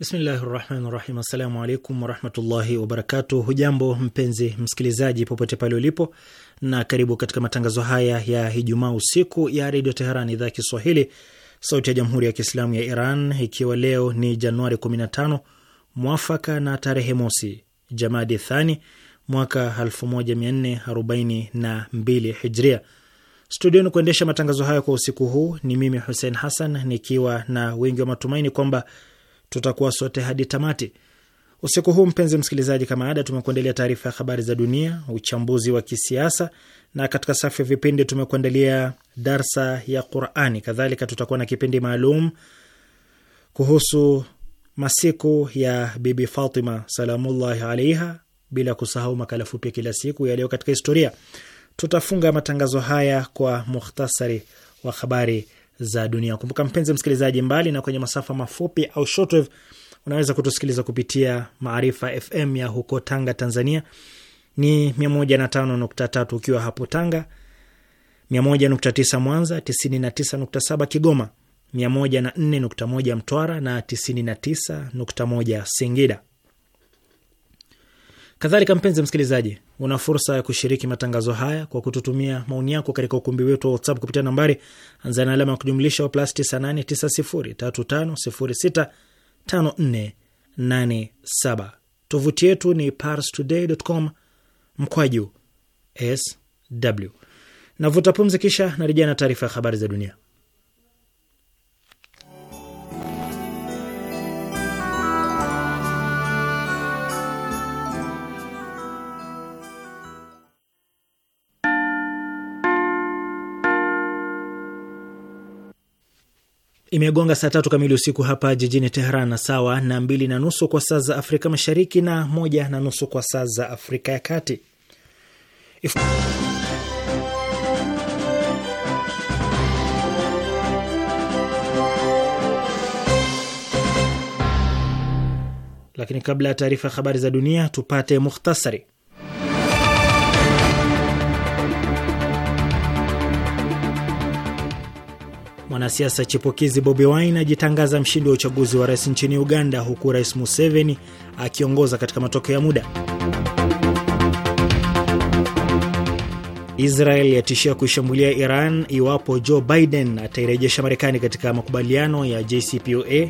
Bismillahi rahmani rahim. Assalamu alaikum warahmatullahi wabarakatu Hujambo mpenzi msikilizaji, popote pale ulipo, na karibu katika matangazo haya ya Ijumaa usiku ya redio Teheran, idhaa ya Kiswahili, sauti ya jamhuri ya kiislamu ya Iran, ikiwa leo ni Januari 15 mwafaka na tarehe mosi Jamadi Thani mwaka 1442 Hijria. Studioni kuendesha matangazo haya kwa usiku huu ni mimi Hussein Hassan, nikiwa na wengi wa matumaini kwamba tutakuwa sote hadi tamati usiku huu. Mpenzi msikilizaji, kama ada, tumekuandalia taarifa ya habari za dunia, uchambuzi wa kisiasa, na katika safu ya vipindi tumekuandalia darsa ya Qurani. Kadhalika tutakuwa na kipindi maalum kuhusu masiku ya Bibi Fatima salamullahi alaiha, bila kusahau makala fupi kila siku yaliyo katika historia. Tutafunga matangazo haya kwa mukhtasari wa habari za dunia. Kumbuka mpenzi msikilizaji, mbali na kwenye masafa mafupi au shortwave, unaweza kutusikiliza kupitia Maarifa FM ya huko Tanga, Tanzania ni 105.3 ukiwa hapo Tanga, 101.9 Mwanza, 99.7 Kigoma, 104.1 Mtwara na 99.1 Singida. Kadhalika mpenzi msikilizaji, una fursa ya kushiriki matangazo haya kwa kututumia maoni yako katika ukumbi wetu wa WhatsApp kupitia nambari anza na alama ya kujumlisha wa plus 989035065487. Tovuti yetu ni parstoday.com mkwaju sw. Navuta pumzi, kisha narejea na taarifa ya habari za dunia. Imegonga saa tatu kamili usiku hapa jijini Teheran, na sawa na mbili na nusu kwa saa za Afrika Mashariki na moja na nusu kwa saa za Afrika ya Kati. If... Lakini kabla ya taarifa ya habari za dunia, tupate mukhtasari. Mwanasiasa chipukizi Bobi Wine ajitangaza mshindi wa uchaguzi wa rais nchini Uganda, huku Rais Museveni akiongoza katika matokeo ya muda. Israel yatishia kuishambulia Iran iwapo Joe Biden atairejesha Marekani katika makubaliano ya JCPOA.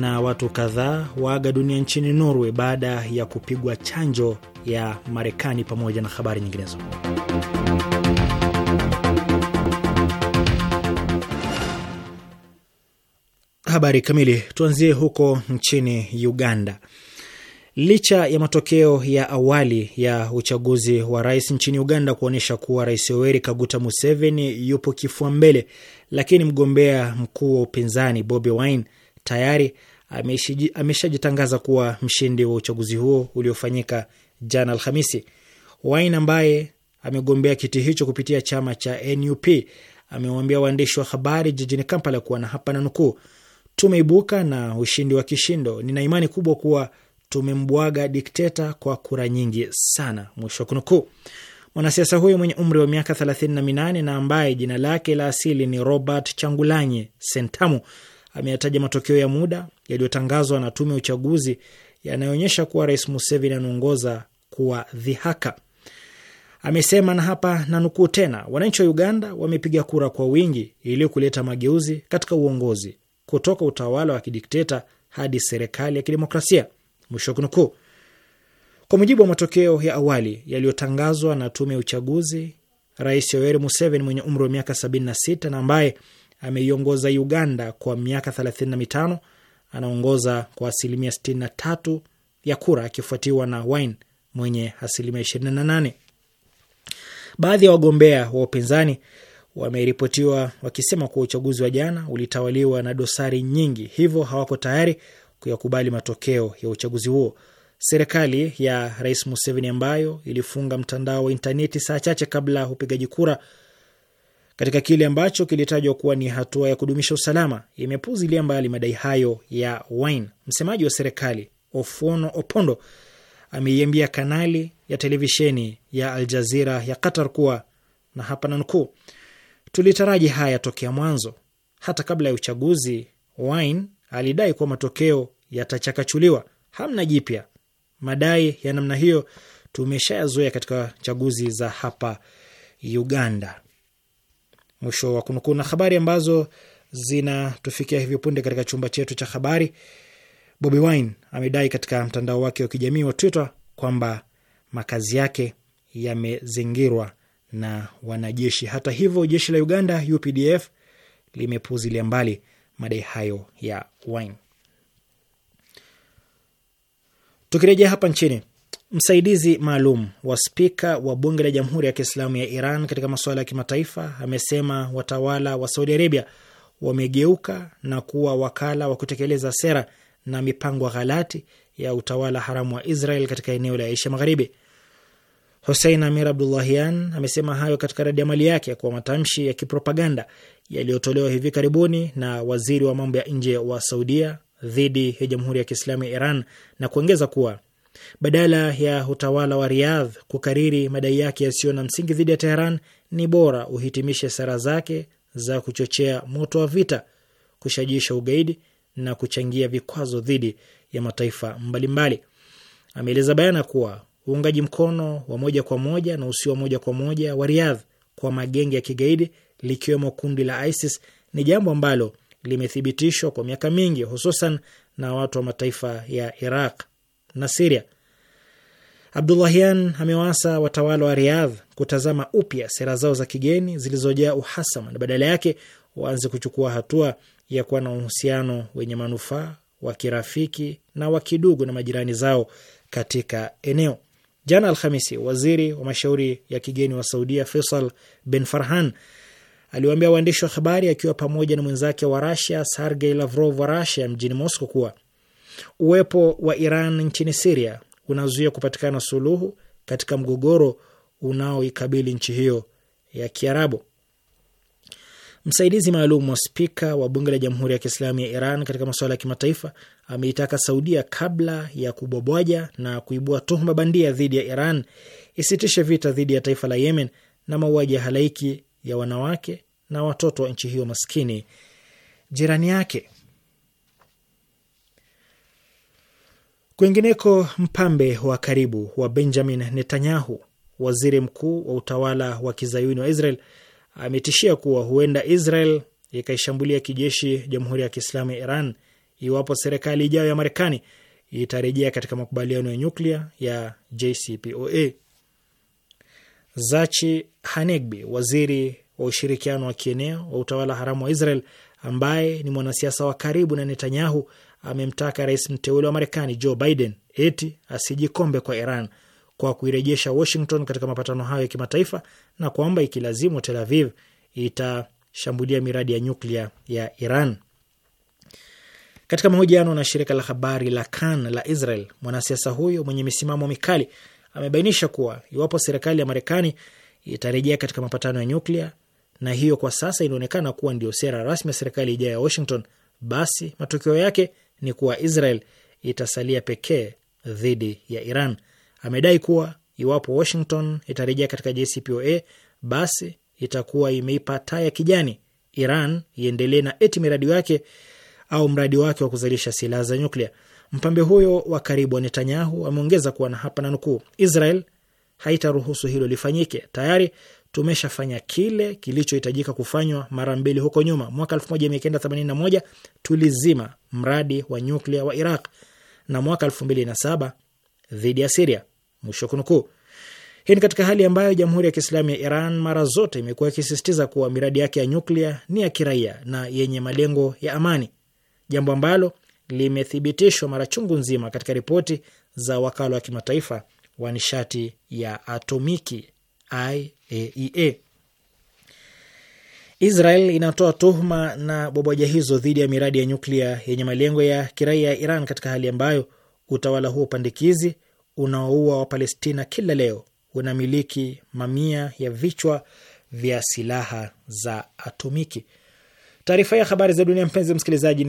Na watu kadhaa waaga dunia nchini Norway baada ya kupigwa chanjo ya Marekani, pamoja na habari nyinginezo. habari kamili. Tuanzie huko nchini Uganda. Licha ya matokeo ya awali ya uchaguzi wa rais nchini Uganda kuonyesha kuwa Rais Yoweri Kaguta Museveni yupo kifua mbele, lakini mgombea mkuu wa upinzani Bobi Wine tayari ameshajitangaza kuwa mshindi wa uchaguzi huo uliofanyika jana Alhamisi. Wine ambaye amegombea kiti hicho kupitia chama cha NUP amewaambia waandishi wa habari jijini Kampala kuwa na hapa na nukuu tumeibuka na ushindi wa kishindo. Nina imani kubwa kuwa tumembwaga dikteta kwa kura nyingi sana, mwisho wa kunukuu. Mwanasiasa huyo mwenye umri wa miaka 38 na ambaye jina lake la asili ni Robert Changulanye Sentamu ameyataja matokeo ya muda yaliyotangazwa na tume ya uchaguzi yanayoonyesha kuwa Rais Museveni anaongoza kuwa dhihaka. Amesema, na hapa na nukuu tena, wananchi wa Uganda wamepiga kura kwa wingi ili kuleta mageuzi katika uongozi kutoka utawala wa kidikteta hadi serikali ya kidemokrasia, mwisho kunukuu. Kwa mujibu wa matokeo ya awali yaliyotangazwa na tume ya uchaguzi, Rais Yoweri Museveni mwenye umri wa miaka 76 na ambaye ameiongoza Uganda kwa miaka 35 anaongoza kwa asilimia 63 ya kura akifuatiwa na Wine mwenye asilimia 28. Baadhi ya wagombea wa upinzani wameripotiwa wakisema kuwa uchaguzi wa jana ulitawaliwa na dosari nyingi, hivyo hawako tayari kuyakubali matokeo ya uchaguzi huo. Serikali ya Rais Museveni ambayo ilifunga mtandao wa intaneti saa chache kabla upigaji kura katika kile ambacho kilitajwa kuwa ni hatua ya kudumisha usalama imepuzilia mbali madai hayo ya Wine. Msemaji wa serikali Ofuono Opondo ameiambia kanali ya televisheni ya Aljazira ya Qatar kuwa na hapa nanukuu, Tulitaraji haya tokea mwanzo. Hata kabla ya uchaguzi, Wine alidai kuwa matokeo yatachakachuliwa. Hamna jipya, madai ya namna hiyo tumeshayazoea katika chaguzi za hapa Uganda. Mwisho wa kunukuu. Na habari ambazo zinatufikia hivi punde katika chumba chetu cha habari, Bobi Wine amedai katika mtandao wake wa kijamii wa Twitter kwamba makazi yake yamezingirwa na wanajeshi. Hata hivyo, jeshi la Uganda UPDF limepuzilia mbali madai hayo ya Wine. Tukirejea hapa nchini, msaidizi maalum wa spika wa bunge la Jamhuri ya Kiislamu ya Iran katika masuala ya kimataifa amesema watawala wa Saudi Arabia wamegeuka na kuwa wakala wa kutekeleza sera na mipango ghalati ya utawala haramu wa Israel katika eneo la Asia Magharibi. Hussein Amir Abdullahian amesema hayo katika radi ya mali yake kwa matamshi ya kipropaganda yaliyotolewa hivi karibuni na waziri wa mambo ya nje wa Saudia dhidi ya Jamhuri ya Kiislamu ya Iran na kuongeza kuwa badala ya utawala wa Riyadh kukariri madai yake yasiyo na msingi dhidi ya Teheran, ni bora uhitimishe sera zake za kuchochea moto wa vita, kushajiisha ugaidi na kuchangia vikwazo dhidi ya mataifa mbalimbali. Ameeleza bayana kuwa uungaji mkono wa moja kwa moja na usio wa moja kwa moja wa riadh kwa magenge ya kigaidi likiwemo kundi la ISIS ni jambo ambalo limethibitishwa kwa miaka mingi, hususan na watu wa mataifa ya Iraq na Siria. Abdullahian amewaasa watawala wa riadh kutazama upya sera zao za kigeni zilizojaa uhasama na badala yake waanze kuchukua hatua ya kuwa na uhusiano wenye manufaa wa kirafiki na wa kidugu na majirani zao katika eneo. Jana Alhamisi, waziri wa mashauri ya kigeni wa Saudia Faisal bin Farhan aliwaambia waandishi wa habari akiwa pamoja na mwenzake wa Rasia Sergey Lavrov wa Rasia mjini Moscow kuwa uwepo wa Iran nchini Siria unazuia kupatikana suluhu katika mgogoro unaoikabili nchi hiyo ya Kiarabu. Msaidizi maalum wa spika wa bunge la Jamhuri ya Kiislamu ya Iran katika masuala ya kimataifa ameitaka Saudia, kabla ya kubwabwaja na kuibua tuhuma bandia dhidi ya Iran, isitishe vita dhidi ya taifa la Yemen na mauaji ya halaiki ya wanawake na watoto wa nchi hiyo maskini jirani yake. Kwingineko, mpambe wa karibu wa Benjamin Netanyahu, waziri mkuu wa utawala wa kizayuni wa Israel, ametishia kuwa huenda Israel ikaishambulia kijeshi Jamhuri ya Kiislamu ya Iran iwapo serikali ijayo ya Marekani itarejea katika makubaliano ya nyuklia ya JCPOA. Zachi Hanegbi, waziri wa ushirikiano wa kieneo wa utawala haramu wa Israel, ambaye ni mwanasiasa wa karibu na Netanyahu, amemtaka rais mteule wa Marekani Joe Biden eti asijikombe kwa Iran kwa kuirejesha Washington katika mapatano hayo ya kimataifa na kwamba ikilazimu, Tel Aviv itashambulia miradi ya nyuklia ya Iran. Katika mahojiano na shirika la habari la Kan la Israel, mwanasiasa huyo mwenye misimamo mikali amebainisha kuwa iwapo serikali ya Marekani itarejea katika mapatano ya nyuklia, na hiyo kwa sasa inaonekana kuwa ndio sera rasmi ya serikali ijayo ya Washington, basi matokeo yake ni kuwa Israel itasalia pekee dhidi ya Iran. Amedai kuwa iwapo Washington itarejea katika JCPOA basi itakuwa imeipa taa ya kijani Iran iendelee na eti miradi wake au mradi wake wa kuzalisha silaha za nyuklia. Mpambe huyo wa karibu wa Netanyahu ameongeza kuwa na hapa na nukuu, Israel haitaruhusu hilo lifanyike. Tayari tumeshafanya kile kilichohitajika kufanywa mara mbili huko nyuma. Mwaka 1981 tulizima mradi wa nyuklia wa Iraq na mwaka 2007 dhidi ya Siria. Mwisho kunukuu. Hii ni katika hali ambayo Jamhuri ya Kiislamu ya Iran mara zote imekuwa ikisisitiza kuwa miradi yake ya nyuklia ni ya kiraia na yenye malengo ya amani, jambo ambalo limethibitishwa mara chungu nzima katika ripoti za wakala wa kimataifa wa nishati ya atomiki IAEA. E Israel inatoa tuhuma na boboja hizo dhidi ya miradi ya nyuklia yenye malengo ya kiraia ya Iran katika hali ambayo utawala huo pandikizi unaoua Wapalestina kila leo unamiliki mamia ya vichwa vya silaha za atomiki. Taarifa ya habari za dunia, mpenzi msikilizaji,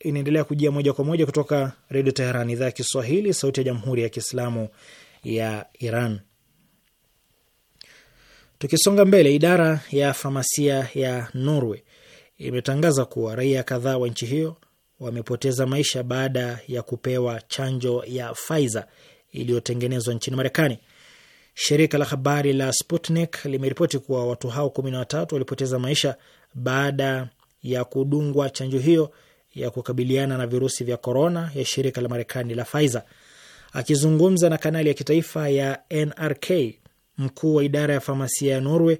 inaendelea kujia moja kwa moja kutoka Redio Teheran, idhaa ya Kiswahili, sauti ya Jamhuri ya Kiislamu ya Iran. Tukisonga mbele, idara ya famasia ya Norway imetangaza kuwa raia kadhaa wa nchi hiyo wamepoteza maisha baada ya kupewa chanjo ya Pfizer iliyotengenezwa nchini Marekani. Shirika la habari la Sputnik limeripoti kuwa watu hao kumi na watatu walipoteza maisha baada ya kudungwa chanjo hiyo ya kukabiliana na virusi vya korona ya shirika la Marekani la Pfizer. Akizungumza na kanali ya kitaifa ya NRK, mkuu wa idara ya famasia ya Norway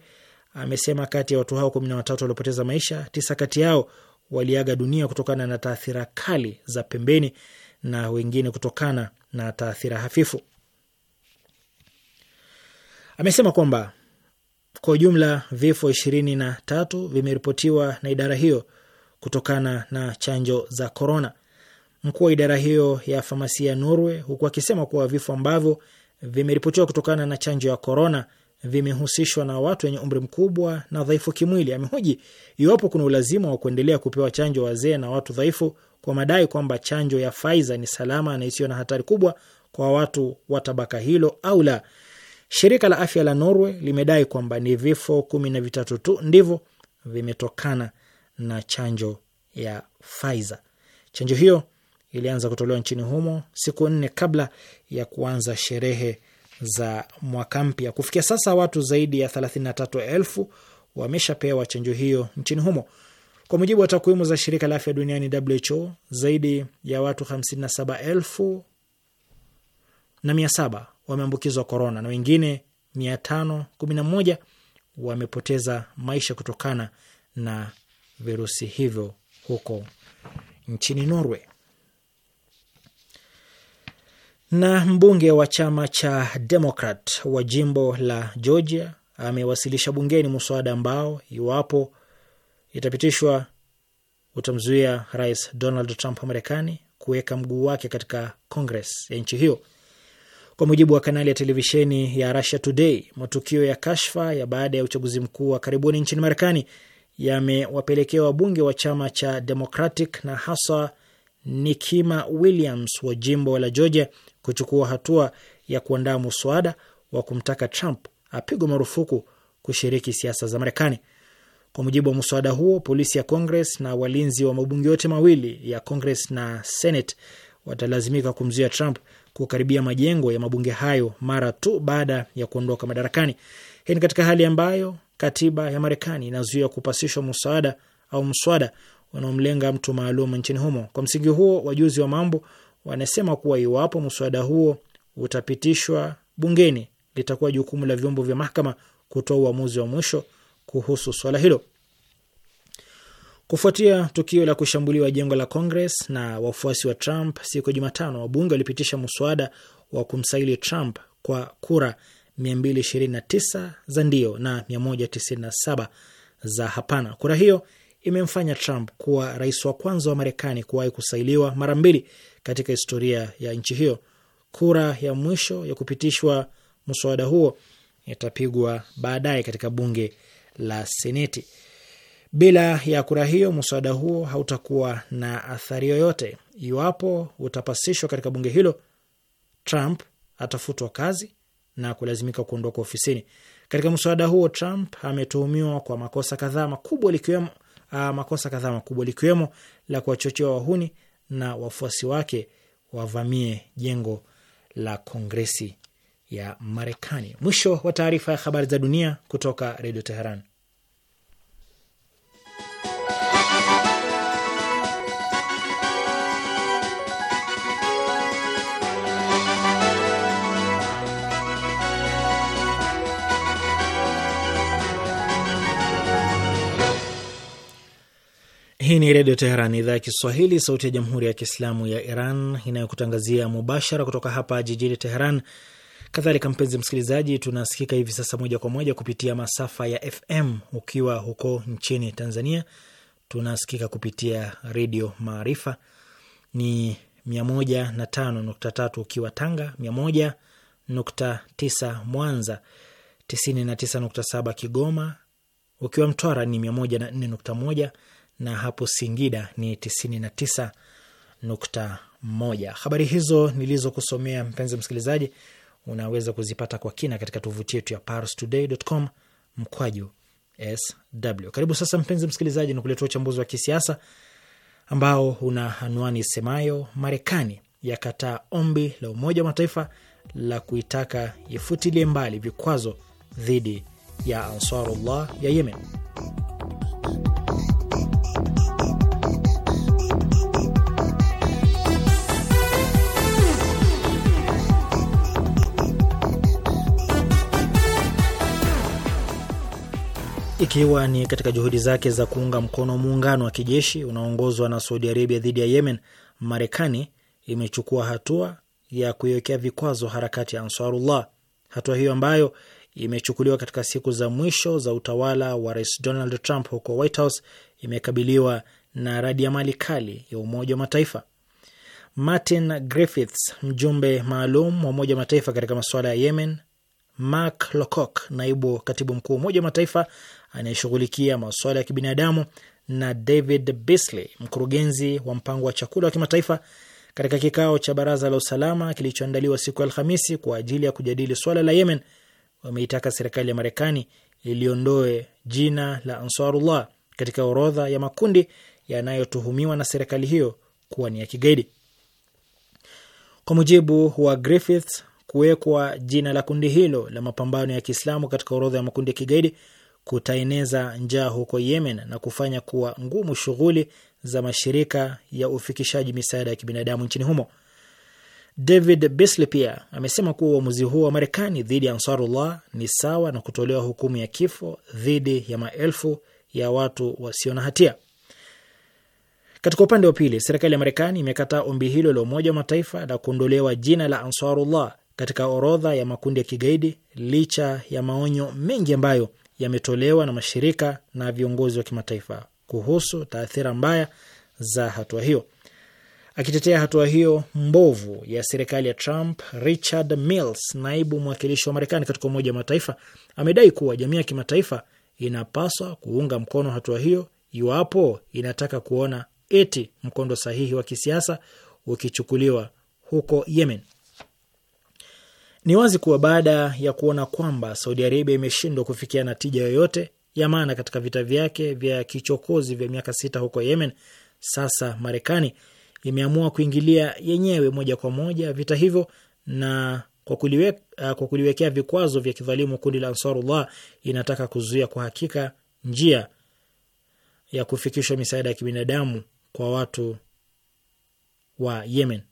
amesema kati ya watu hao kumi na watatu waliopoteza maisha, tisa kati yao waliaga dunia kutokana na taathira kali za pembeni na wengine kutokana na taathira hafifu. Amesema kwamba kwa ujumla vifo ishirini na tatu vimeripotiwa na idara hiyo kutokana na chanjo za korona. Mkuu wa idara hiyo ya famasia Norway, huku akisema kuwa vifo ambavyo vimeripotiwa kutokana na chanjo ya korona vimehusishwa na watu wenye umri mkubwa na dhaifu kimwili. Amehoji iwapo kuna ulazima wa kuendelea kupewa chanjo wazee na watu dhaifu kwa madai kwamba chanjo ya Pfizer ni salama na isiyo na hatari kubwa kwa watu wa tabaka hilo au la. Shirika la afya la Norway limedai kwamba ni vifo kumi na vitatu tu ndivyo vimetokana na chanjo ya Pfizer. Chanjo hiyo ilianza kutolewa nchini humo siku nne kabla ya kuanza sherehe za mwaka mpya. Kufikia sasa watu zaidi ya 33,000 wameshapewa chanjo hiyo nchini humo. Kwa mujibu wa takwimu za shirika la afya duniani WHO, zaidi ya watu 57,000 na 700 wameambukizwa korona na wengine 511 wamepoteza maisha kutokana na virusi hivyo huko nchini Norway. Na mbunge wa chama cha Demokrat wa jimbo la Georgia amewasilisha bungeni mswada ambao iwapo itapitishwa utamzuia Rais Donald Trump wa Marekani kuweka mguu wake katika Kongres ya nchi hiyo. Kwa mujibu wa kanali ya televisheni ya Russia Today, matukio ya kashfa ya baada ya uchaguzi mkuu wa karibuni nchini Marekani yamewapelekea wabunge wa chama cha Democratic na haswa Nikima Williams wa jimbo la Georgia kuchukua hatua ya kuandaa muswada wa kumtaka Trump apigwe marufuku kushiriki siasa za Marekani. Kwa mujibu wa muswada huo, polisi ya Congress na walinzi wa mabunge yote mawili ya Congress na Senate watalazimika kumzuia Trump kukaribia majengo ya mabunge hayo mara tu baada ya kuondoka madarakani. Hii ni katika hali ambayo katiba ya Marekani inazuia kupasishwa msaada au mswada unaomlenga mtu maalum nchini humo. Kwa msingi huo, wajuzi wa mambo wanasema kuwa iwapo mswada huo utapitishwa bungeni, litakuwa jukumu la vyombo vya mahakama kutoa uamuzi wa mwisho kuhusu swala hilo. Kufuatia tukio la kushambuliwa jengo la Congress na wafuasi wa Trump siku ya Jumatano, wabunge walipitisha mswada wa kumsaili Trump kwa kura 229 za ndio na 197 za hapana. Kura hiyo imemfanya Trump kuwa rais wa kwanza wa Marekani kuwahi kusailiwa mara mbili katika historia ya nchi hiyo. Kura ya mwisho ya kupitishwa mswada huo itapigwa baadaye katika bunge la Seneti. Bila ya kura hiyo, mswada huo hautakuwa na athari yoyote. Iwapo utapasishwa katika bunge hilo, Trump atafutwa kazi na kulazimika kuondoka ofisini. Katika mswada huo, Trump ametuhumiwa kwa makosa kadhaa makubwa likiwemo, ah, makosa kadhaa makubwa likiwemo la kuwachochea wahuni na wafuasi wake wavamie jengo la Kongresi ya Marekani. Mwisho wa taarifa ya habari za dunia kutoka Redio Teheran. Hii ni Redio Teheran, idhaa ya Kiswahili, sauti ya Jamhuri ya Kiislamu ya Iran, inayokutangazia mubashara kutoka hapa jijini Teheran. Kadhalika mpenzi msikilizaji, tunasikika hivi sasa moja kwa moja kupitia masafa ya FM. Ukiwa huko nchini Tanzania, tunasikika kupitia Redio Maarifa ni 105.3, ukiwa Tanga 101.9, Mwanza 99.7, Kigoma, ukiwa Mtwara ni 104.1 na hapo Singida ni 99.1. Habari hizo nilizokusomea, mpenzi msikilizaji, unaweza kuzipata kwa kina katika tovuti yetu ya parstoday.com mkwaju sw. Karibu sasa, mpenzi msikilizaji, ni kuletea uchambuzi wa kisiasa ambao una anwani semayo Marekani yakataa ombi la Umoja wa Mataifa la kuitaka ifutilie mbali vikwazo dhidi ya Ansarullah ya Yemen. ikiwa ni katika juhudi zake za kuunga mkono muungano wa kijeshi unaoongozwa na Saudi Arabia dhidi ya Yemen, Marekani imechukua hatua ya kuiwekea vikwazo harakati ya Ansarullah. Hatua hiyo ambayo imechukuliwa katika siku za mwisho za utawala wa Rais Donald Trump huko White House imekabiliwa na radi ya mali kali ya Umoja wa Mataifa. Martin Griffiths, mjumbe maalum wa Umoja wa Mataifa katika masuala ya Yemen, Mark Lowcock, naibu katibu mkuu wa Umoja wa Mataifa, anayeshughulikia masuala ya kibinadamu na David Beasley, mkurugenzi wa mpango wa chakula wa kimataifa katika kikao cha baraza la usalama kilichoandaliwa siku ya Alhamisi kwa ajili ya kujadili swala la Yemen, wameitaka serikali ya Marekani iliondoe jina la Ansarullah katika orodha ya makundi yanayotuhumiwa na serikali hiyo kuwa ni ya kigaidi. Kwa mujibu wa Griffiths, kuwekwa jina la kundi hilo la mapambano ya Kiislamu katika orodha ya makundi ya kigaidi kutaeneza njaa huko Yemen na kufanya kuwa ngumu shughuli za mashirika ya ufikishaji misaada ya kibinadamu nchini humo. David Beasley pia amesema kuwa uamuzi huo wa Marekani dhidi ya Ansarullah ni sawa na kutolewa hukumu ya kifo dhidi ya maelfu ya watu wasio na hatia. Katika upande wa pili, serikali ya Marekani imekataa ombi hilo la Umoja wa Mataifa la kuondolewa jina la Ansarullah katika orodha ya makundi ya kigaidi licha ya maonyo mengi ambayo yametolewa na mashirika na viongozi wa kimataifa kuhusu taathira mbaya za hatua hiyo. Akitetea hatua hiyo mbovu ya serikali ya Trump, Richard Mills, naibu mwakilishi wa Marekani katika Umoja wa Mataifa, amedai kuwa jamii ya kimataifa inapaswa kuunga mkono hatua hiyo iwapo inataka kuona eti mkondo sahihi wa kisiasa ukichukuliwa huko Yemen. Ni wazi kuwa baada ya kuona kwamba Saudi Arabia imeshindwa kufikia natija yoyote ya maana katika vita vyake vya kichokozi vya miaka sita huko Yemen, sasa Marekani imeamua kuingilia yenyewe moja kwa moja vita hivyo na kwa, kuliwe, uh, kwa kuliwekea vikwazo vya kidhalimu kundi la Ansarullah inataka kuzuia kwa hakika njia ya kufikishwa misaada ya kibinadamu kwa watu wa Yemen.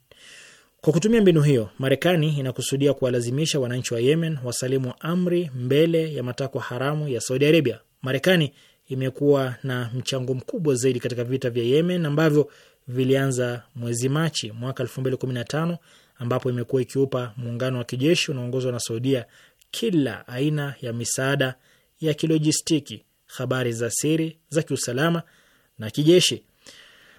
Kwa kutumia mbinu hiyo, Marekani inakusudia kuwalazimisha wananchi wa Yemen wasalimu amri mbele ya matakwa haramu ya Saudi Arabia. Marekani imekuwa na mchango mkubwa zaidi katika vita vya Yemen ambavyo vilianza mwezi Machi mwaka 2015 ambapo imekuwa ikiupa muungano wa kijeshi unaoongozwa na Saudia kila aina ya misaada ya kilojistiki, habari za siri za kiusalama na kijeshi.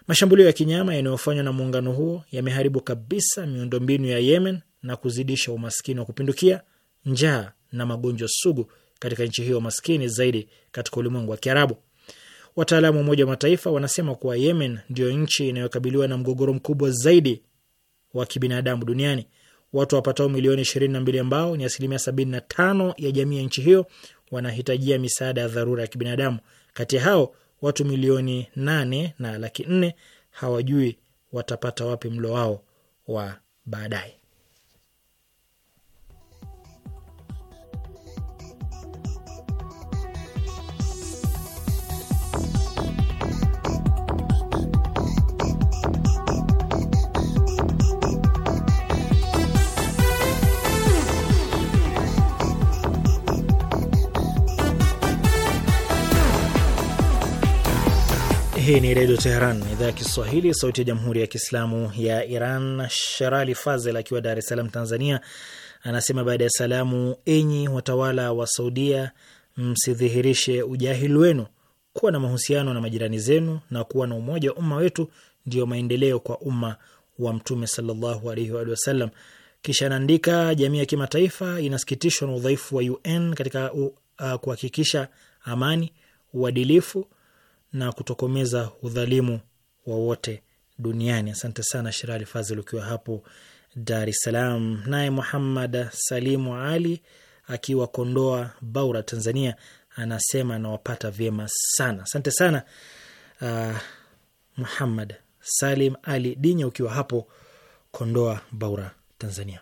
Mashambulio ya kinyama yanayofanywa na muungano huo yameharibu kabisa miundombinu ya Yemen na kuzidisha umaskini wa kupindukia, njaa na magonjwa sugu katika nchi hiyo maskini zaidi katika ulimwengu wa Kiarabu. Wataalamu wa Umoja wa Mataifa wanasema kuwa Yemen ndiyo nchi inayokabiliwa na mgogoro mkubwa zaidi wa kibinadamu duniani. Watu wapatao milioni 22 ambao ni asilimia 75 ya jamii ya nchi hiyo wanahitajia misaada ya dharura ya kibinadamu. Kati ya hao watu milioni nane na laki nne hawajui watapata wapi mlo wao wa baadaye. Hii ni Redio Teheran, idhaa ya Kiswahili, sauti ya Jamhuri ya Kiislamu ya Iran. Sherali Fazel akiwa Dar es Salaam, Tanzania, anasema baada ya salamu, enyi watawala wa Saudia, msidhihirishe ujahili wenu. Kuwa na mahusiano na majirani zenu na kuwa na umoja wa umma wetu ndiyo maendeleo kwa umma wa Mtume sallallahu alaihi wa sallam. Kisha anaandika, jamii ya kimataifa inasikitishwa na udhaifu wa UN katika uh, kuhakikisha amani, uadilifu na kutokomeza udhalimu wowote duniani. Asante sana Shirali Fazil ukiwa hapo Dar es Salaam. Naye Muhammad Salimu Ali akiwa Kondoa Baura, Tanzania, anasema anawapata vyema sana. Asante sana uh, Muhammad Salim Ali Dinya ukiwa hapo Kondoa Baura, Tanzania.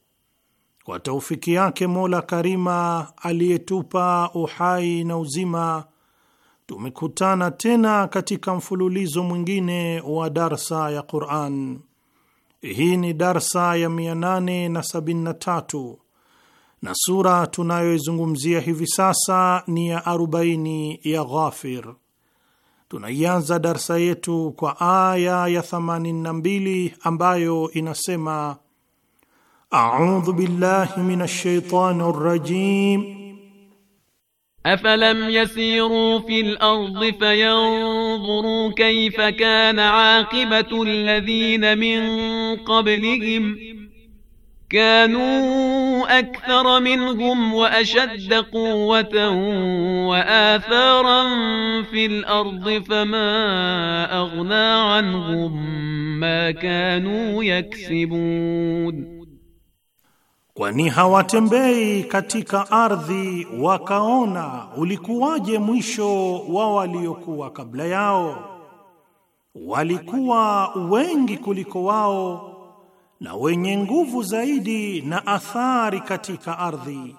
kwa taufiki yake Mola Karima aliyetupa uhai na uzima, tumekutana tena katika mfululizo mwingine wa darsa ya Quran. Hii ni darsa ya 873 na sura tunayoizungumzia hivi sasa ni ya 40 ya Ghafir. Tunaianza darsa yetu kwa aya ya 82 ambayo inasema اعوذ بالله من الشيطان الرجيم أفلم يسيروا في الأرض فينظروا كيف كان عاقبة الذين من قبلهم كانوا أكثر منهم وأشد قوة وآثارا في الأرض فما أغنى عنهم ما كانوا يكسبون kwani hawatembei katika ardhi wakaona ulikuwaje mwisho wa waliokuwa kabla yao. Walikuwa wengi kuliko wao na wenye nguvu zaidi na athari katika ardhi,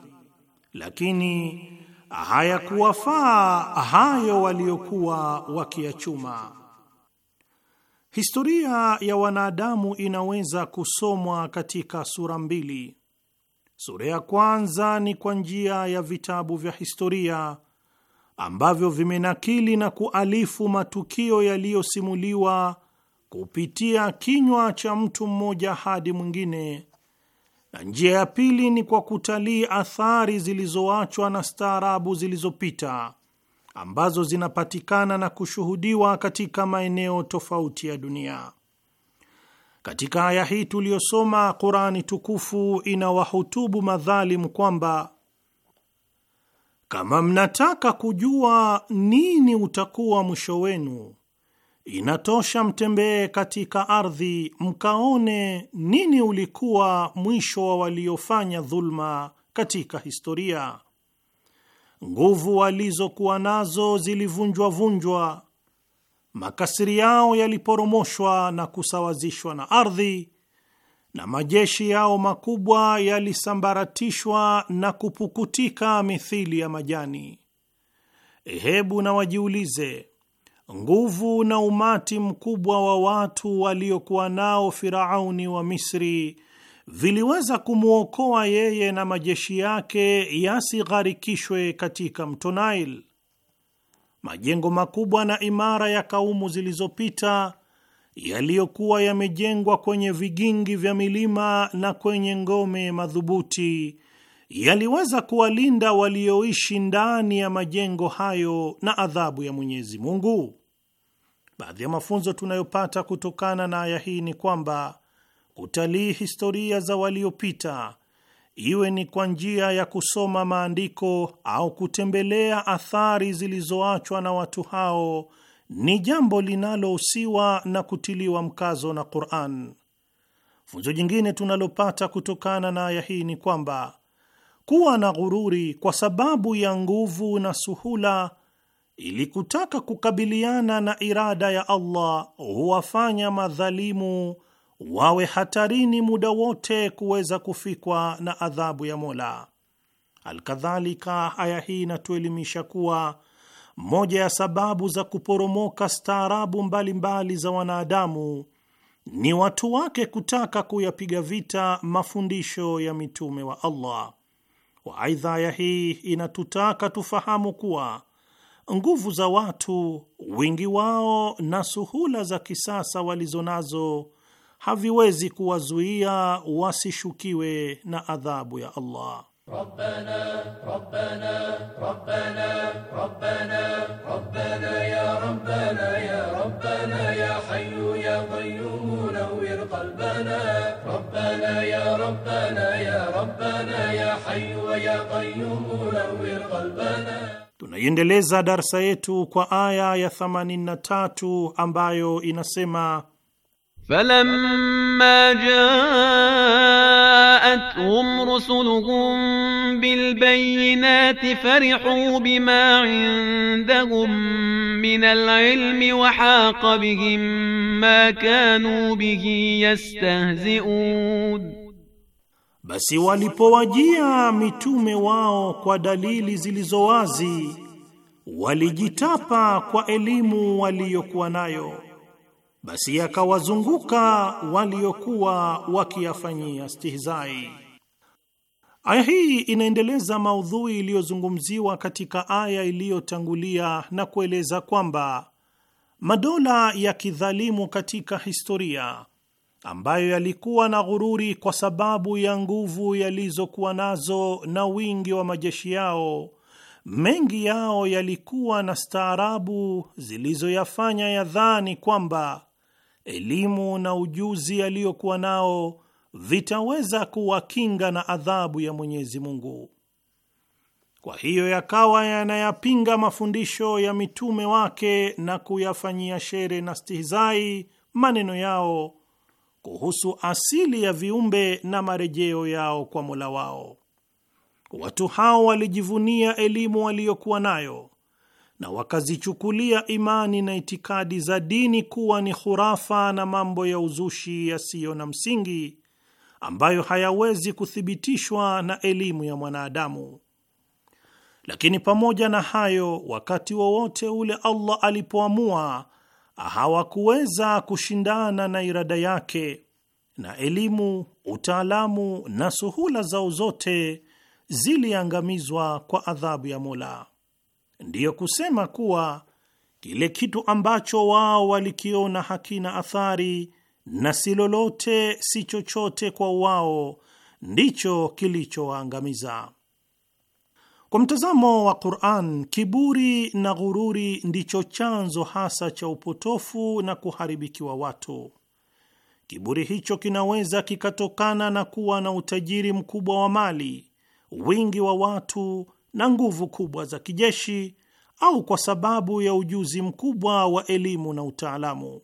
lakini hayakuwafaa hayo waliokuwa wakiyachuma. Historia ya wanadamu inaweza kusomwa katika sura mbili. Sura ya kwanza ni kwa njia ya vitabu vya historia ambavyo vimenakili na kualifu matukio yaliyosimuliwa kupitia kinywa cha mtu mmoja hadi mwingine, na njia ya pili ni kwa kutalii athari zilizoachwa na staarabu zilizopita ambazo zinapatikana na kushuhudiwa katika maeneo tofauti ya dunia. Katika aya hii tuliyosoma, Qurani tukufu inawahutubu madhalimu kwamba kama mnataka kujua nini utakuwa mwisho wenu, inatosha mtembee katika ardhi mkaone nini ulikuwa mwisho wa waliofanya dhulma katika historia. Nguvu walizokuwa nazo zilivunjwa vunjwa makasiri yao yaliporomoshwa na kusawazishwa na ardhi na majeshi yao makubwa yalisambaratishwa na kupukutika mithili ya majani. Hebu na wajiulize nguvu na umati mkubwa wa watu waliokuwa nao Firauni wa Misri viliweza kumwokoa yeye na majeshi yake yasigharikishwe katika mto Nile majengo makubwa na imara ya kaumu zilizopita yaliyokuwa yamejengwa kwenye vigingi vya milima na kwenye ngome madhubuti yaliweza kuwalinda walioishi ndani ya majengo hayo na adhabu ya Mwenyezi Mungu. Baadhi ya mafunzo tunayopata kutokana na aya hii ni kwamba kutalii historia za waliopita iwe ni kwa njia ya kusoma maandiko au kutembelea athari zilizoachwa na watu hao, ni jambo linalohusiwa na kutiliwa mkazo na Qur'an. Funzo jingine tunalopata kutokana na aya hii ni kwamba kuwa na ghururi kwa sababu ya nguvu na suhula ili kutaka kukabiliana na irada ya Allah huwafanya madhalimu wawe hatarini muda wote kuweza kufikwa na adhabu ya Mola. Alkadhalika, aya hii inatuelimisha kuwa moja ya sababu za kuporomoka staarabu mbalimbali za wanadamu ni watu wake kutaka kuyapiga vita mafundisho ya mitume wa Allah. Waaidha, aya hii inatutaka tufahamu kuwa nguvu za watu, wingi wao na suhula za kisasa walizo nazo haviwezi kuwazuia wasishukiwe na adhabu ya Allah. Rabbana, Rabbana, Rabbana, Rabbana, Rabbana ya Rabbana ya Rabbana ya Hayyu ya Qayyum nawwir qalbana Rabbana ya Rabbana ya Rabbana ya Hayyu ya Qayyum nawwir qalbana. Tunaiendeleza darsa yetu kwa aya ya 83 ambayo inasema فلما جاءتهم رسلهم بالبينات فرحوا بما عندهم من العلم وحاق بهم ما كانوا به يستهزئون basi walipowajia mitume wao kwa dalili zilizo wazi walijitapa kwa elimu waliyokuwa nayo basi yakawazunguka waliokuwa wakiyafanyia stihzai. Aya hii inaendeleza maudhui iliyozungumziwa katika aya iliyotangulia na kueleza kwamba madola ya kidhalimu katika historia ambayo yalikuwa na ghururi kwa sababu ya nguvu yalizokuwa nazo na wingi wa majeshi yao, mengi yao yalikuwa na staarabu zilizoyafanya yadhani kwamba elimu na ujuzi aliyokuwa nao vitaweza kuwakinga na adhabu ya Mwenyezi Mungu. Kwa hiyo yakawa yanayapinga mafundisho ya mitume wake na kuyafanyia shere na stihizai maneno yao kuhusu asili ya viumbe na marejeo yao kwa Mola wao. Watu hao walijivunia elimu waliyokuwa nayo na wakazichukulia imani na itikadi za dini kuwa ni khurafa na mambo ya uzushi yasiyo na msingi ambayo hayawezi kuthibitishwa na elimu ya mwanadamu. Lakini pamoja na hayo, wakati wowote ule Allah alipoamua, hawakuweza kushindana na irada yake, na elimu, utaalamu na suhula zao zote ziliangamizwa kwa adhabu ya Mola ndiyo kusema kuwa kile kitu ambacho wao walikiona hakina athari na si lolote si chochote kwa wao ndicho kilichowaangamiza. Kwa mtazamo wa Qur'an, kiburi na ghururi ndicho chanzo hasa cha upotofu na kuharibikiwa watu. Kiburi hicho kinaweza kikatokana na kuwa na utajiri mkubwa wa mali, wingi wa watu na nguvu kubwa za kijeshi au kwa sababu ya ujuzi mkubwa wa elimu na utaalamu.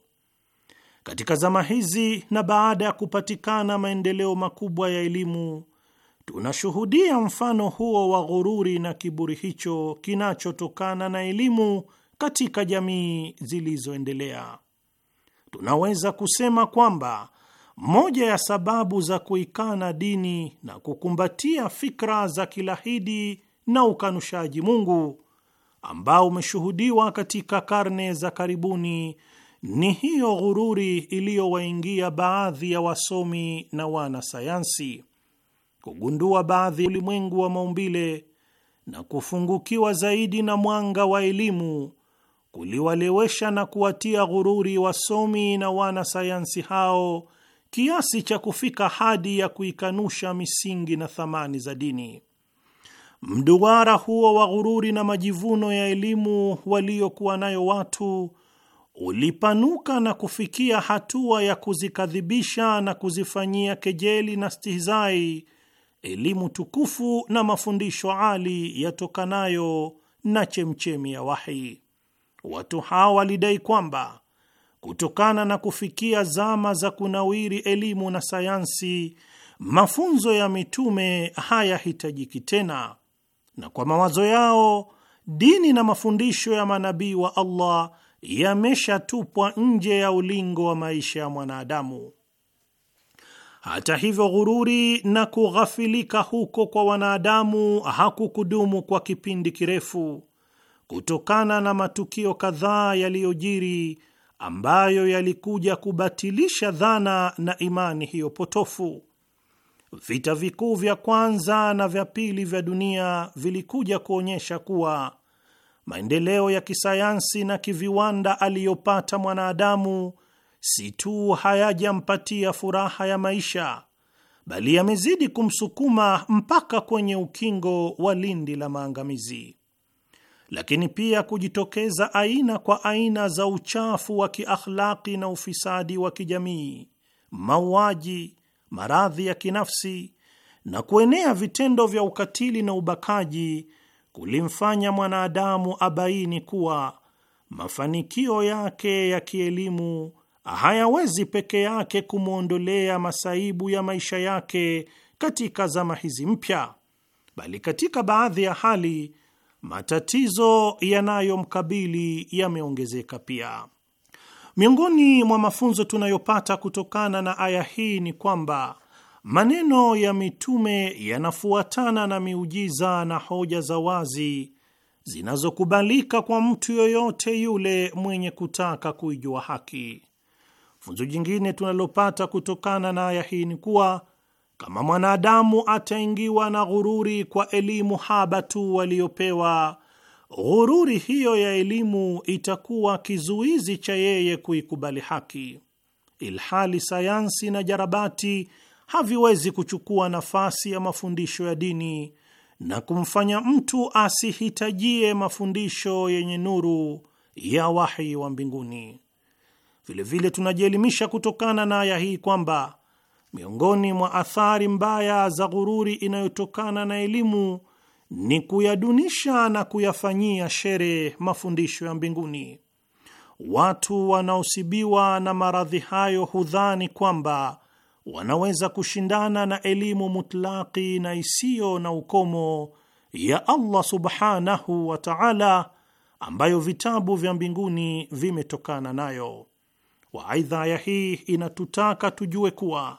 Katika zama hizi na baada ya kupatikana maendeleo makubwa ya elimu, tunashuhudia mfano huo wa ghururi na kiburi hicho kinachotokana na elimu katika jamii zilizoendelea. Tunaweza kusema kwamba moja ya sababu za kuikana dini na kukumbatia fikra za kilahidi na ukanushaji Mungu ambao umeshuhudiwa katika karne za karibuni ni hiyo ghururi iliyowaingia baadhi ya wasomi na wanasayansi kugundua baadhi ya ulimwengu wa maumbile na kufungukiwa zaidi na mwanga wa elimu kuliwalewesha na kuwatia ghururi wasomi na wanasayansi hao kiasi cha kufika hadi ya kuikanusha misingi na thamani za dini. Mduara huo wa ghururi na majivuno ya elimu waliokuwa nayo watu ulipanuka na kufikia hatua ya kuzikadhibisha na kuzifanyia kejeli na stihizai elimu tukufu na mafundisho ali yatokanayo na chemchemi ya wahi. Watu hawa walidai kwamba kutokana na kufikia zama za kunawiri elimu na sayansi, mafunzo ya mitume hayahitajiki tena na kwa mawazo yao dini na mafundisho ya manabii wa Allah yameshatupwa nje ya ulingo wa maisha ya mwanadamu. Hata hivyo, ghururi na kughafilika huko kwa wanadamu hakukudumu kwa kipindi kirefu kutokana na matukio kadhaa yaliyojiri ambayo yalikuja kubatilisha dhana na imani hiyo potofu. Vita vikuu vya kwanza na vya pili vya dunia vilikuja kuonyesha kuwa maendeleo ya kisayansi na kiviwanda aliyopata mwanadamu si tu hayajampatia furaha ya maisha, bali yamezidi kumsukuma mpaka kwenye ukingo wa lindi la maangamizi. Lakini pia kujitokeza aina kwa aina za uchafu wa kiakhlaki na ufisadi wa kijamii, mauaji maradhi ya kinafsi na kuenea vitendo vya ukatili na ubakaji kulimfanya mwanadamu abaini kuwa mafanikio yake ya kielimu hayawezi peke yake kumwondolea masaibu ya maisha yake katika zama hizi mpya, bali katika baadhi ya hali matatizo yanayomkabili yameongezeka pia. Miongoni mwa mafunzo tunayopata kutokana na aya hii ni kwamba maneno ya mitume yanafuatana na miujiza na hoja za wazi zinazokubalika kwa mtu yoyote yule mwenye kutaka kuijua haki. Funzo jingine tunalopata kutokana na aya hii ni kuwa kama mwanadamu ataingiwa na ghururi kwa elimu haba tu waliopewa ghururi hiyo ya elimu itakuwa kizuizi cha yeye kuikubali haki, ilhali sayansi na jarabati haviwezi kuchukua nafasi ya mafundisho ya dini na kumfanya mtu asihitajie mafundisho yenye nuru ya wahi wa mbinguni. Vilevile tunajielimisha kutokana na aya hii kwamba miongoni mwa athari mbaya za ghururi inayotokana na elimu ni kuyadunisha na kuyafanyia shere mafundisho ya mbinguni. Watu wanaosibiwa na maradhi hayo hudhani kwamba wanaweza kushindana na elimu mutlaki na isiyo na ukomo ya Allah subhanahu wa ta'ala, ambayo vitabu vya mbinguni vimetokana nayo. Waaidha, ya hii inatutaka tujue kuwa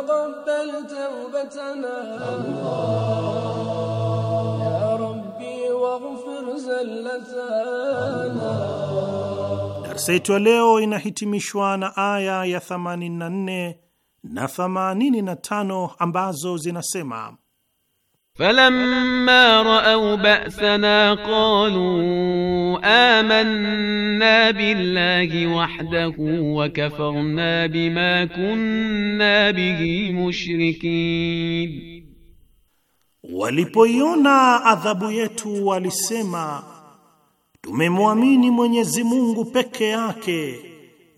تقبل توبتنا يا ربي واغفر زلتنا Darsa yetu ya leo inahitimishwa na aya ya 84 na 85 ambazo zinasema فلما رأوا بأسنا قالوا آمنا بالله وحده وكفرنا بما كنا به مشركين Walipoiona adhabu yetu walisema, tumemwamini Mwenyezi Mungu peke yake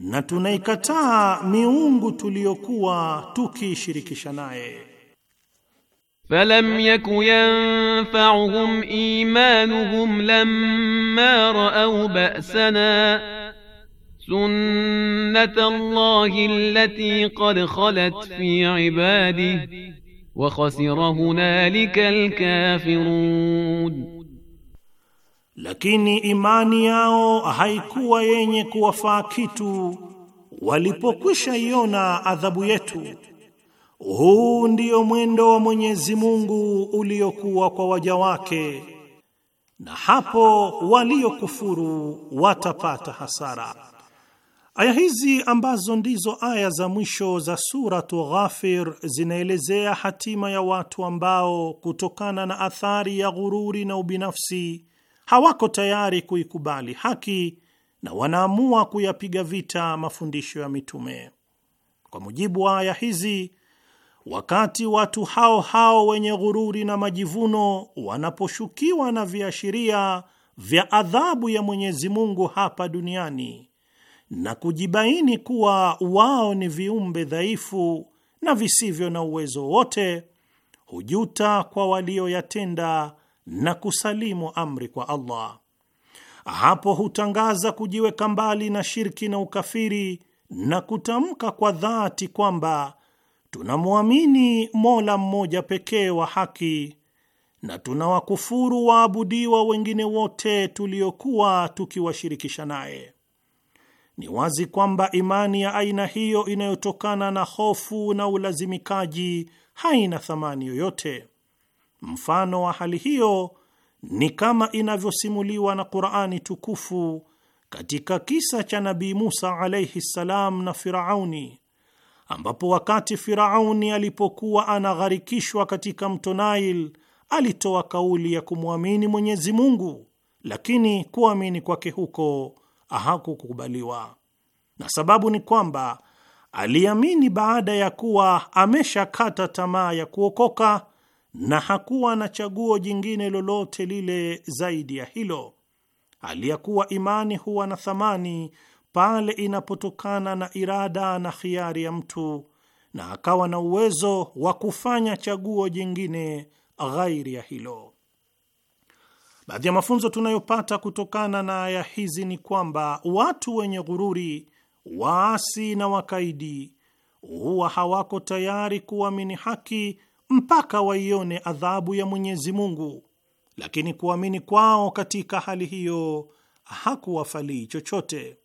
na tunaikataa miungu tuliyokuwa tukiishirikisha naye. فلم يك ينفعهم ايمانهم لما راوا باسنا سنه الله التي قد خلت في عباده وخسر هنالك الكافرون لكن imani yao haikuwa yenye kuwafaa kitu walipokwisha iona adhabu yetu Huu ndio mwendo wa Mwenyezi Mungu uliokuwa kwa waja wake, na hapo waliokufuru watapata hasara. Aya hizi ambazo ndizo aya za mwisho za Suratu Ghafir zinaelezea hatima ya watu ambao kutokana na athari ya ghururi na ubinafsi hawako tayari kuikubali haki na wanaamua kuyapiga vita mafundisho ya mitume. Kwa mujibu wa aya hizi Wakati watu hao hao wenye ghururi na majivuno wanaposhukiwa na viashiria vya adhabu ya Mwenyezi Mungu hapa duniani na kujibaini kuwa wao ni viumbe dhaifu na visivyo na uwezo wote, hujuta kwa walioyatenda na kusalimu amri kwa Allah. Hapo hutangaza kujiweka mbali na shirki na ukafiri na kutamka kwa dhati kwamba tunamwamini Mola mmoja pekee wa haki na tunawakufuru waabudiwa wengine wote tuliokuwa tukiwashirikisha naye. Ni wazi kwamba imani ya aina hiyo inayotokana na hofu na ulazimikaji haina thamani yoyote. Mfano wa hali hiyo ni kama inavyosimuliwa na Qur'ani tukufu katika kisa cha Nabii Musa alayhi salam na Firauni ambapo wakati Firauni alipokuwa anagharikishwa katika mto Nile alitoa kauli ya kumwamini Mwenyezi Mungu, lakini kuamini kwake huko hakukubaliwa, na sababu ni kwamba aliamini baada ya kuwa ameshakata tamaa ya kuokoka na hakuwa na chaguo jingine lolote lile zaidi ya hilo. Hali ya kuwa imani huwa na thamani pale inapotokana na irada na khiari ya mtu na akawa na uwezo wa kufanya chaguo jingine ghairi ya hilo. Baadhi ya mafunzo tunayopata kutokana na aya hizi ni kwamba watu wenye ghururi, waasi na wakaidi huwa hawako tayari kuamini haki mpaka waione adhabu ya Mwenyezi Mungu, lakini kuamini kwao katika hali hiyo hakuwafalii chochote.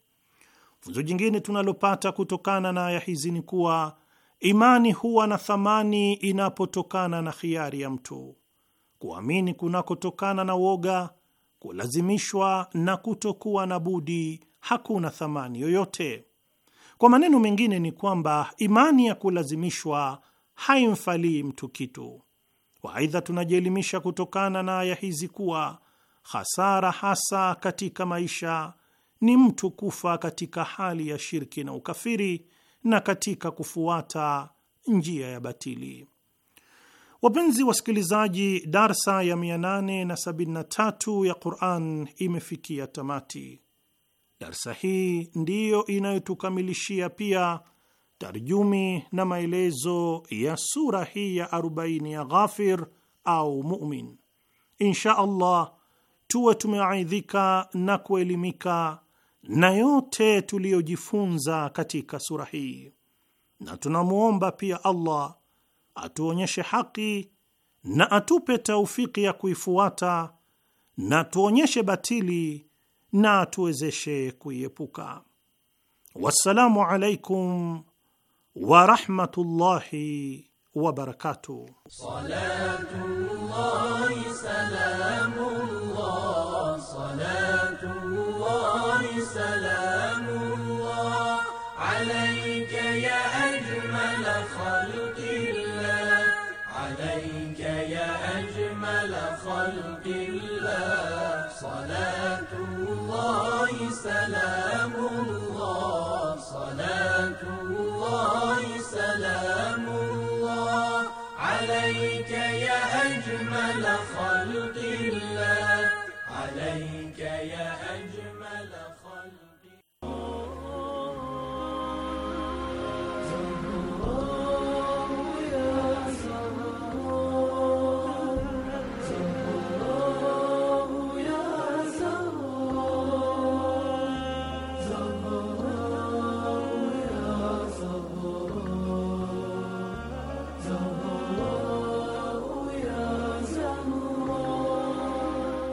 Funzo jingine tunalopata kutokana na aya hizi ni kuwa imani huwa na thamani inapotokana na hiari ya mtu. Kuamini kunakotokana na woga, kulazimishwa na kutokuwa na budi hakuna thamani yoyote. Kwa maneno mengine, ni kwamba imani ya kulazimishwa haimfalii mtu kitu. aidha tunajielimisha kutokana na aya hizi kuwa hasara hasa katika maisha ni mtu kufa katika hali ya shirki na ukafiri na katika kufuata njia ya batili. Wapenzi wasikilizaji, darsa ya 873 ya Quran imefikia tamati. Darsa hii ndiyo inayotukamilishia pia tarjumi na maelezo ya sura hii ya 40 ya Ghafir au Mumin. Insha Allah tuwe tumeaidhika na kuelimika na yote tuliyojifunza katika sura hii, na tunamwomba pia Allah atuonyeshe haki na atupe taufiki ya kuifuata na tuonyeshe batili na atuwezeshe kuiepuka. Wassalamu alaikum wa rahmatullahi wa barakatuh. سلام الله عليك يا أجمل خلق الله عليك يا أجمل خلق الله صلاة الله سلام الله صلاة الله سلام الله عليك يا أجمل خلق الله عليك يا أجمل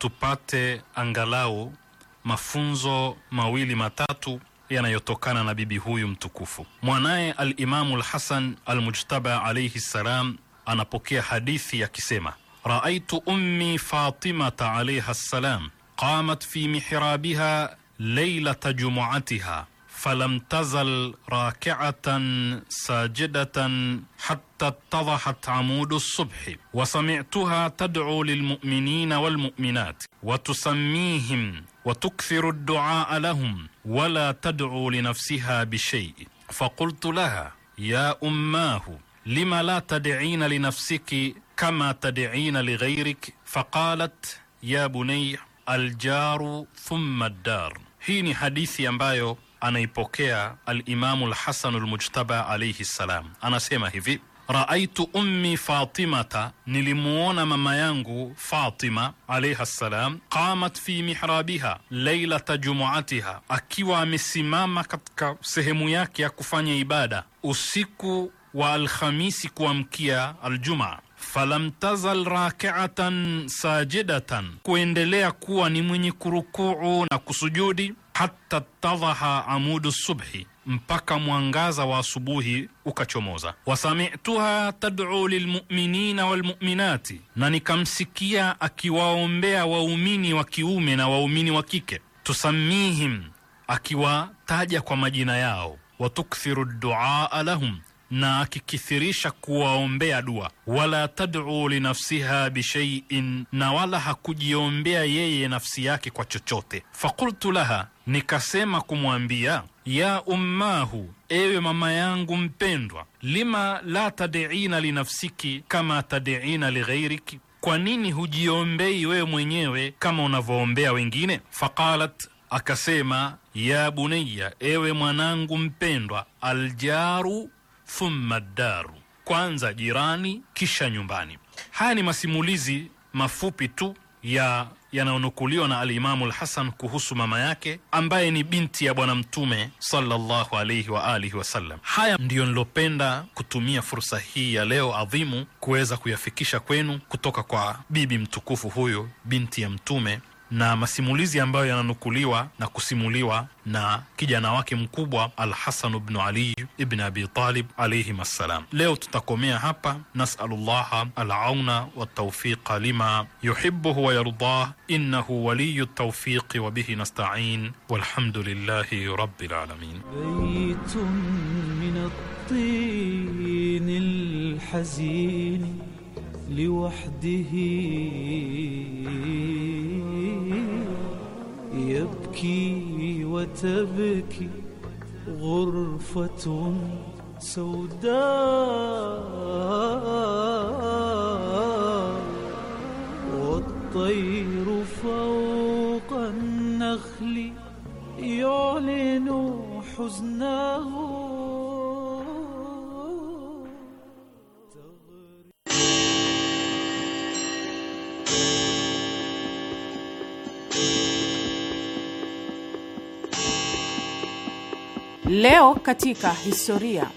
tupate angalau mafunzo mawili matatu yanayotokana na bibi huyu mtukufu. Mwanaye Alimamu Lhasan Almujtaba alaihi ssalam anapokea hadithi akisema, raaitu ummi Fatimata alaiha ssalam qamat fi mihrabiha leilata jumuatiha فلم تزل راكعه ساجده حتى اتضحت عمود الصبح وسمعتها تدعو للمؤمنين والمؤمنات وتسميهم وتكثر الدعاء لهم ولا تدعو لنفسها بشيء فقلت لها يا اماه لم لا تدعين لنفسك كما تدعين لغيرك فقالت يا بني الجار ثم الدار hii ni hadithi ambayo anaipokea Alimamu Lhasanu Lmujtaba alaihi ssalam, anasema hivi Raaitu ummi Fatimata, nilimuona mama yangu Fatima alaiha ssalam, qamat fi mihrabiha lailata jumuatiha, akiwa amesimama katika sehemu yake ya kufanya ibada usiku wa Alhamisi kuamkia aljuma Falam tazal rakiatan sajidatan, kuendelea kuwa ni mwenye kurukuu na kusujudi hatta tadaha amudu subhi, mpaka mwangaza wa asubuhi ukachomoza. Wasamituha tad'u lilmuminina walmuminati, na nikamsikia akiwaombea waumini wa kiume na waumini wa kike. Tusamihim, akiwataja kwa majina yao. Watukthiru duaa lahum na akikithirisha kuwaombea dua. Wala tad'u linafsiha bishaiin, na wala hakujiombea yeye nafsi yake kwa chochote. Fakultu laha, nikasema kumwambia ya ummahu, ewe mama yangu mpendwa, lima la tadiina linafsiki kama tadiina lighairiki, kwa nini hujiombei wewe mwenyewe kama unavyoombea wengine? Faqalat, akasema ya bunayya, ewe mwanangu mpendwa, aljaru thumma daru, kwanza jirani kisha nyumbani. Haya ni masimulizi mafupi tu ya yanayonukuliwa na Alimamu Lhasan kuhusu mama yake ambaye ni binti ya Bwana Mtume sallallahu alaihi wa alihi wasallam. Haya ndiyo nilopenda kutumia fursa hii ya leo adhimu kuweza kuyafikisha kwenu kutoka kwa bibi mtukufu huyu binti ya Mtume na masimulizi ambayo yananukuliwa na kusimuliwa na kijana wake mkubwa Alhasan bnu Ali ibn Abi Talib alayhim assalam. Leo tutakomea hapa. Nasalullaha alauna waltaufiqa lima yuhibuhu wayardah innahu waliyu ltaufiqi wabihi nastain walhamdu lillahi rabbil alamin. لوحده يبكي وتبكي غرفة سوداء والطير فوق النخل يعلن حزنه Leo katika historia.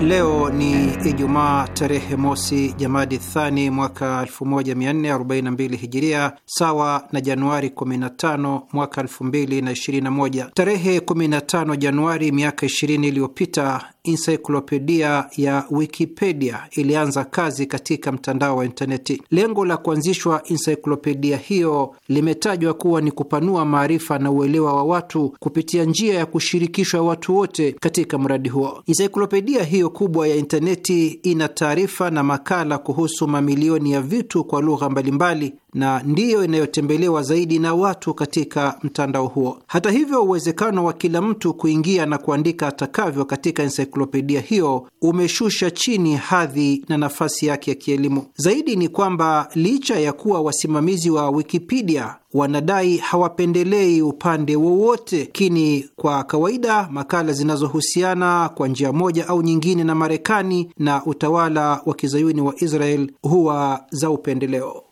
Leo ni Ijumaa tarehe mosi Jamadi Thani mwaka 1442 Hijiria, sawa na Januari 15 mwaka 2021. Tarehe 15 Januari miaka 20 iliyopita ensiklopedia ya Wikipedia ilianza kazi katika mtandao wa intaneti. Lengo la kuanzishwa ensiklopedia hiyo limetajwa kuwa ni kupanua maarifa na uelewa wa watu kupitia njia ya kushirikishwa watu wote katika mradi huo. Ensiklopedia hiyo kubwa ya intaneti ina taarifa na makala kuhusu mamilioni ya vitu kwa lugha mbalimbali na ndiyo inayotembelewa zaidi na watu katika mtandao huo. Hata hivyo, uwezekano wa kila mtu kuingia na kuandika atakavyo katika ensiklopedia hiyo umeshusha chini hadhi na nafasi yake ya kielimu. Zaidi ni kwamba licha ya kuwa wasimamizi wa Wikipedia wanadai hawapendelei upande wowote, lakini kwa kawaida makala zinazohusiana kwa njia moja au nyingine na Marekani na utawala wa kizayuni wa Israel huwa za upendeleo.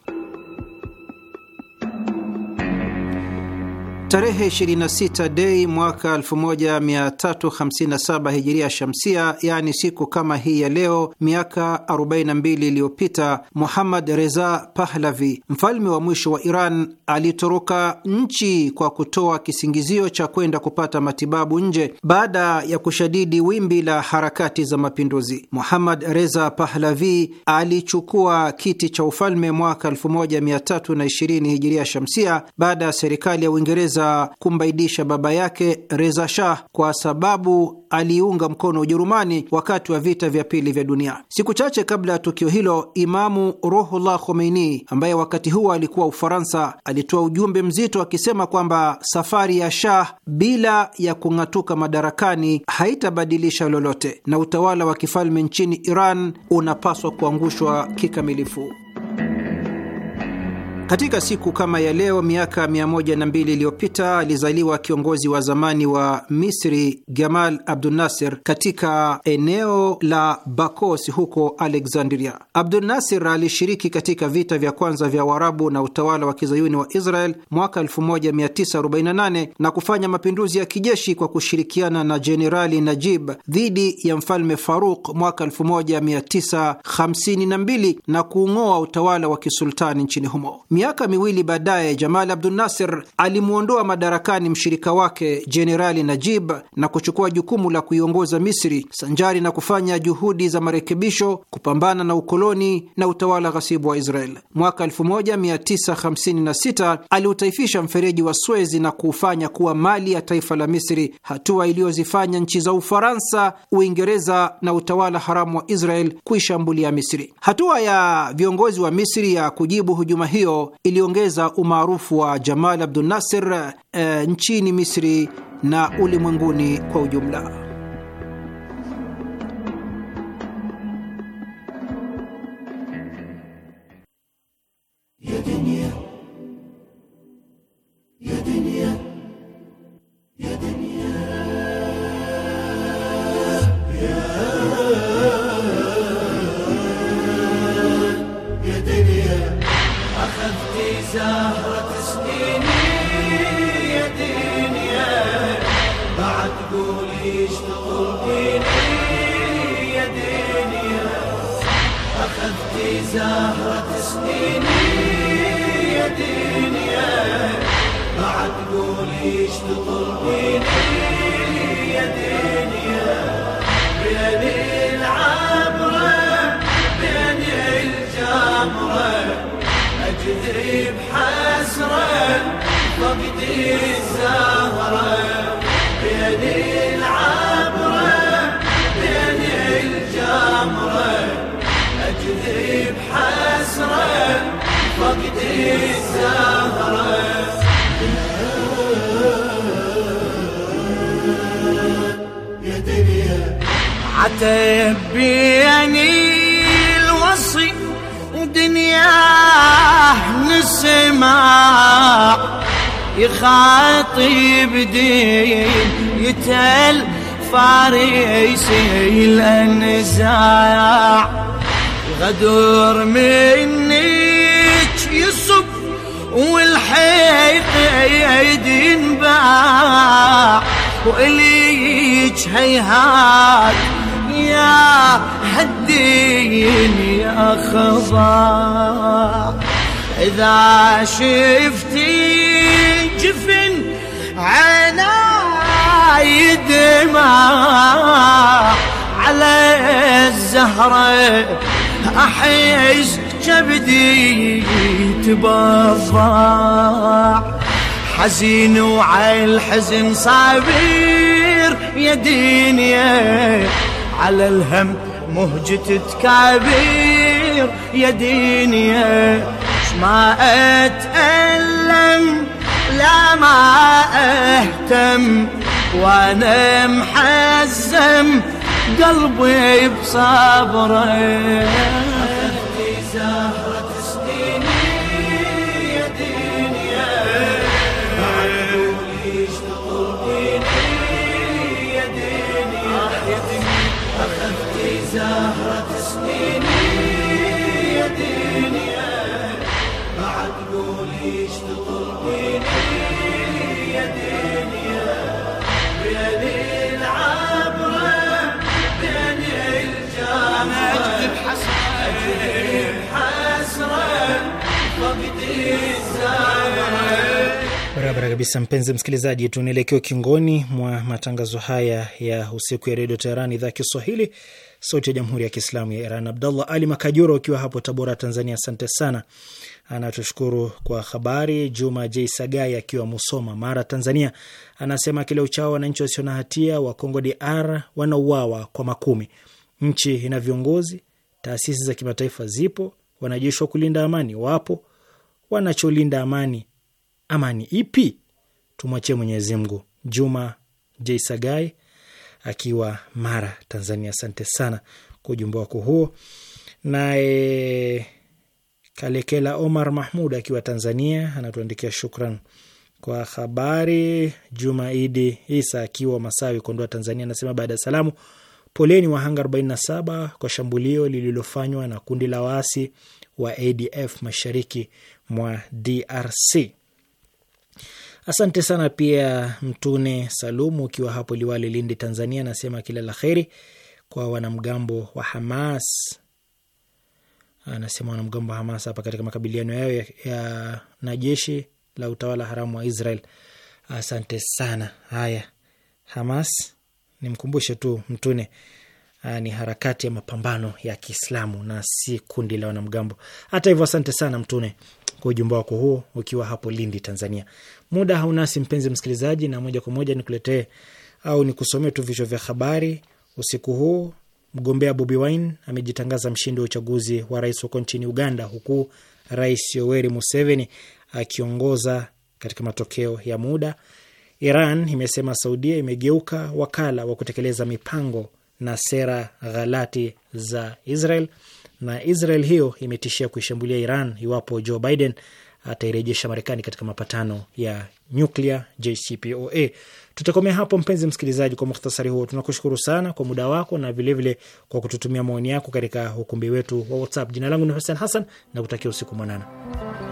Tarehe 26 Dei mwaka 1357 hijiria shamsia, yaani siku kama hii ya leo miaka 42 iliyopita, Muhammad Reza Pahlavi, mfalme wa mwisho wa Iran, alitoroka nchi kwa kutoa kisingizio cha kwenda kupata matibabu nje baada ya kushadidi wimbi la harakati za mapinduzi. Muhammad Reza Pahlavi alichukua kiti cha ufalme mwaka 1320 hijiria shamsia baada ya serikali ya Uingereza za kumbaidisha baba yake Reza Shah kwa sababu aliiunga mkono Ujerumani wakati wa vita vya pili vya dunia. Siku chache kabla ya tukio hilo, Imamu Ruhullah Khomeini ambaye wakati huo alikuwa Ufaransa alitoa ujumbe mzito akisema kwamba safari ya Shah bila ya kung'atuka madarakani haitabadilisha lolote na utawala wa kifalme nchini Iran unapaswa kuangushwa kikamilifu. Katika siku kama ya leo miaka 102 iliyopita alizaliwa kiongozi wa zamani wa Misri Gamal abdunaser katika eneo la Bakos huko Alexandria. abdunaser alishiriki katika vita vya kwanza vya Uarabu na utawala wa kizayuni wa Israel mwaka 1948 na kufanya mapinduzi ya kijeshi kwa kushirikiana na Jenerali Najib dhidi ya mfalme Faruk mwaka 1952 na kuung'oa utawala wa kisultani nchini humo. Miaka miwili baadaye, Jamal Abdul Nasir alimwondoa madarakani mshirika wake Jenerali Najib na kuchukua jukumu la kuiongoza Misri sanjari na kufanya juhudi za marekebisho, kupambana na ukoloni na utawala ghasibu wa Israel. Mwaka 1956 aliutaifisha mfereji wa Suezi na kuufanya kuwa mali ya taifa la Misri, hatua iliyozifanya nchi za Ufaransa, Uingereza na utawala haramu wa Israel kuishambulia Misri. Hatua ya viongozi wa Misri ya kujibu hujuma hiyo iliongeza umaarufu wa Jamal Abdul Nasser e, nchini Misri na ulimwenguni kwa ujumla. رشد قلبي يديني يا دنيا بين العبرة بين الجمرة أجري بحسرة فقدي الزهرة بين العبرة بين الجمرة أجري بحسرة فقدي الزهرة تبيني الوصي ودنياه نسمع يخاطب دين يتل فارسي الانزاع غدر منك يصب والحيط ينباع وإليك هيهات يا هدين يا خضار إذا شفتي جفن عناي دماء على الزهرة أحس كبدي تبضع حزين الحزن صابر يا دنيا على الهم مهجة تكابير يا دنيا ما اتألم لا ما اهتم وانا محزم قلبي زهره kabisa mpenzi msikilizaji, tunaelekea ukingoni mwa matangazo haya ya usiku ya redio Teheran, idhaa ya Kiswahili, sauti ya jamhuri ya kiislamu ya Iran. Abdallah Ali Makajuro ukiwa hapo Tabora, Tanzania, asante sana. Anatushukuru kwa habari. Juma J Sagai akiwa Musoma, Mara, Tanzania, anasema kile uchao wananchi wasio na hatia wa Kongo DR wanauawa kwa makumi. Nchi ina viongozi, taasisi za kimataifa zipo, wanajeshi wa kulinda amani wapo, wanacholinda amani amani ipi? tumwachie Mwenyezi Mungu. Juma J Sagai akiwa Mara, Tanzania, asante sana kwa ujumbe wako huo. Naye Kalekela Omar Mahmud akiwa Tanzania anatuandikia shukran kwa habari. Juma Idi Isa akiwa Masawi, Kondoa, Tanzania, anasema baada ya salamu, poleni wahanga 47 kwa shambulio lililofanywa na kundi la waasi wa ADF mashariki mwa DRC. Asante sana pia Mtune Salumu ukiwa hapo Liwale, Lindi, Tanzania, anasema kila la kheri kwa wanamgambo wa Hamas. Anasema wanamgambo wa Hamas hapa katika makabiliano yao ya, ya, na jeshi la utawala haramu wa Israel. Asante sana. Haya, Hamas nimkumbushe tu Mtune ah, ni harakati ya mapambano ya Kiislamu na si kundi la wanamgambo. Hata hivyo, asante sana Mtune kwa ujumbe wako huo ukiwa hapo Lindi, Tanzania. Muda haunasi mpenzi msikilizaji, na moja kwa moja nikuletee au nikusomee tu vichwa vya habari usiku huu. Mgombea Bobi Wine amejitangaza mshindi wa uchaguzi wa rais huko nchini Uganda, huku Rais Yoweri Museveni akiongoza katika matokeo ya muda. Iran imesema Saudia imegeuka wakala wa kutekeleza mipango na sera ghalati za Israel, na Israel hiyo imetishia kuishambulia Iran iwapo Joe Biden atairejesha Marekani katika mapatano ya nyuklia JCPOA. Tutakomea hapo mpenzi msikilizaji, kwa muhtasari huo. Tunakushukuru sana kwa muda wako na vilevile vile kwa kututumia maoni yako katika ukumbi wetu wa WhatsApp. Jina langu ni Hussein Hassan na kutakia usiku mwanana.